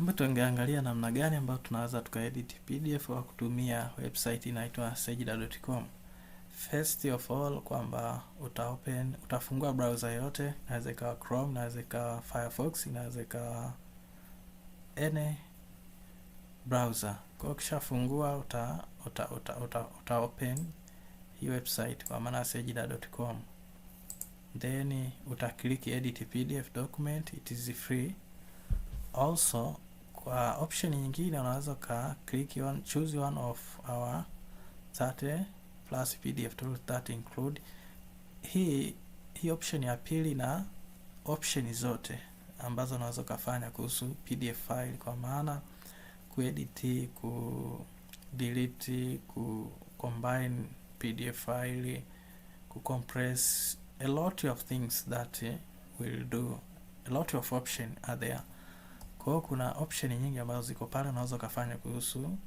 Hebu tuangalia namna gani ambayo tunaweza tukaedit PDF kwa kutumia website inaitwa sajida.com. First of all kwamba uta open utafungua browser yote, inaweza ikawa Chrome, inaweza ikawa Firefox, inaweza ikawa any browser. Kwa ukishafungua uta uta, uta, uta, uta open hii website kwa maana sajida.com. Then uta click edit PDF document, it is free. Also kwa option nyingine unaweza ka click one, choose one of our 30 plus PDF tool that include. Hii hii option ya pili na option zote ambazo unaweza ukafanya kuhusu PDF file, kwa maana kuedit, ku delete, ku combine PDF file, ku compress a lot of things that will do a lot of option are there. Kwa hiyo kuna option nyingi ambazo ziko pale, unaweza ukafanya kuhusu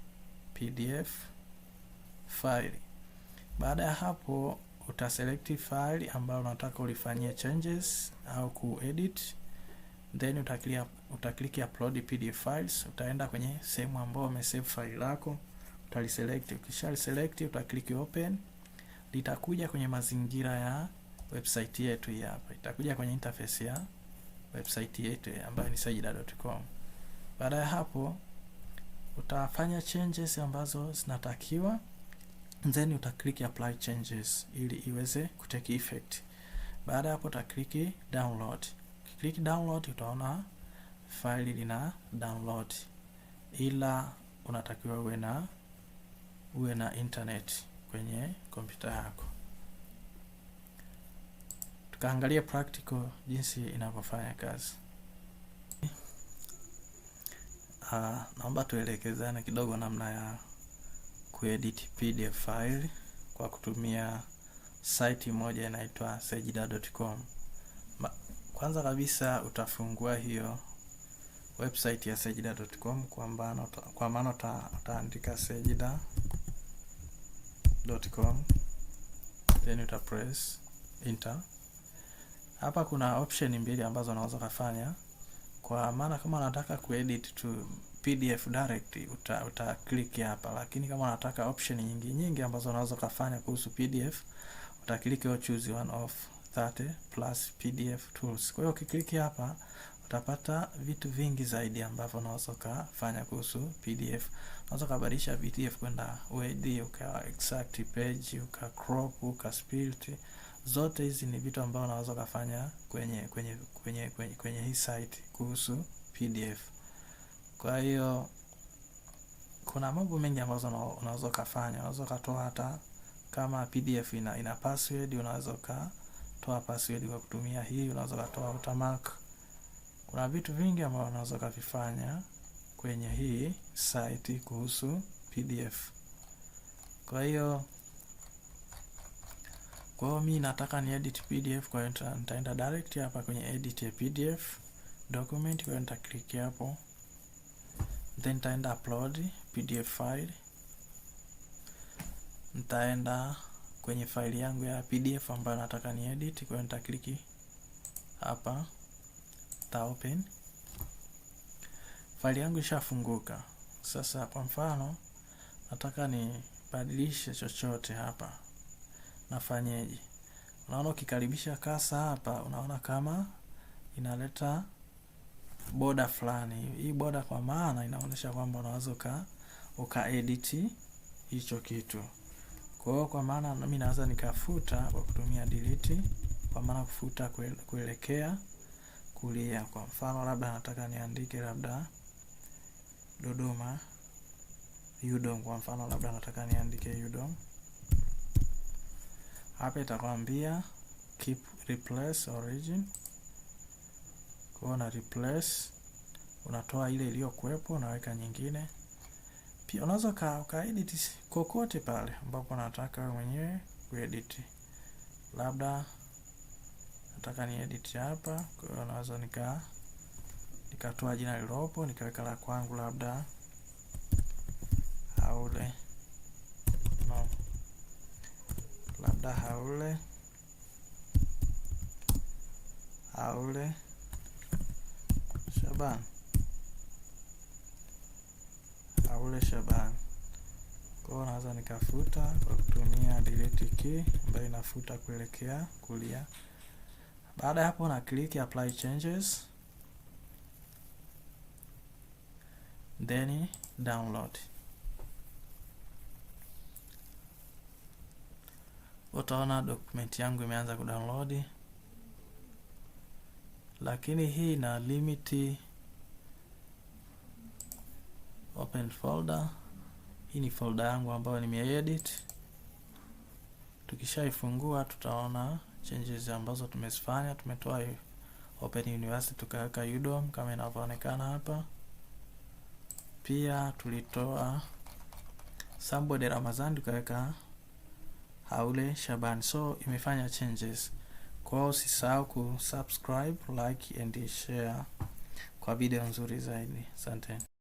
PDF file. Baada ya hapo utaselect file ambayo unataka ulifanyia changes au kuedit, then utaklia, utakliki upload PDF files. Utaenda kwenye sehemu ambayo umesave file lako, utaliselect. Ukishaliselect utakliki open, litakuja kwenye mazingira ya website yetu hii hapa, itakuja kwenye interface ya website yetu ambayo ni sajida.com. Baada ya hapo utafanya changes ambazo zinatakiwa, then click apply changes ili iweze kutake effect. Baada ya hapo click download. Click download utaona faili lina download, ila unatakiwa uwe na uwe na internet kwenye kompyuta yako. Kaangalia practical jinsi inavyofanya kazi. Uh, naomba tuelekezane kidogo namna ya kuedit PDF file kwa kutumia site moja inaitwa sajida.com. Kwanza kabisa utafungua hiyo website ya sajida.com kwa maana utaandika sajida.com then uta press enter. Hapa kuna option mbili ambazo unaweza kufanya. Kwa maana kama unataka kuedit tu PDF direct uta, uta click hapa, lakini kama unataka option nyingi nyingi ambazo unaweza kufanya kuhusu PDF uta click hiyo choose one of 30 plus PDF tools. Kwa hiyo ukiklik hapa utapata vitu vingi zaidi ambavyo unaweza kufanya kuhusu PDF. Unaweza kubadilisha PDF kwenda UID, uka extract page, uka crop, uka split Zote hizi ni vitu ambavyo unaweza ukafanya kwenye kwenye, kwenye, kwenye, kwenye hii site kuhusu PDF. Kwa hiyo kuna mambo mengi ambazo unaweza ukafanya. Unaweza kutoa hata kama PDF ina, ina password, unaweza ukatoa password kwa kutumia hii, unaweza ukatoa watermark. Kuna vitu vingi ambavyo unaweza kufanya kwenye hii site kuhusu PDF. Kwa hiyo kwa hiyo mimi nataka ni edit PDF, kwa hiyo nitaenda direct hapa kwenye edit ya PDF document, kwa nita click hapo, then nitaenda upload PDF file, nitaenda kwenye faili yangu ya PDF ambayo nataka ni edit, kwa hiyo nita click hapa, ta open faili yangu ishafunguka. Sasa kwa mfano nataka nibadilishe chochote hapa nafanyeje? Unaona, ukikaribisha kasa hapa, unaona kama inaleta boda fulani. Hii boda kwa maana inaonyesha kwamba unaweza uka uka edit hicho kitu. Kwa hiyo kwa maana mimi naweza nikafuta kwa kutumia delete, kwa maana kufuta kuelekea kulia. Kwa mfano, labda nataka niandike labda Dodoma UDOM, kwa mfano labda nataka niandike UDOM hapa itakwambia keep replace origin. Kwa hiyo na replace, unatoa ile iliyokuwepo unaweka nyingine. Pia unaweza edit kokote pale ambapo unataka wewe mwenyewe kuedit, labda nataka ni edit hapa. Kwa hiyo naweza nika nikatoa jina lilopo nikaweka la kwangu labda aule aule aule Shaban aule Shaban. Kwa naweza nikafuta kwa kutumia delete key ambayo inafuta kuelekea kulia. Baada ya hapo na click apply changes then download. utaona dokumenti yangu imeanza kudownload, lakini hii ina limit open folder. Hii ni folder yangu ambayo nimeedit. Tukishaifungua tutaona changes ambazo tumezifanya. Tumetoa Open University tukaweka UDOM kama inavyoonekana hapa. Pia tulitoa sambod Ramazani tukaweka Haule Shaban. So imefanya changes kwao, usisahau kusubscribe, like and share kwa video nzuri zaidi. Asante.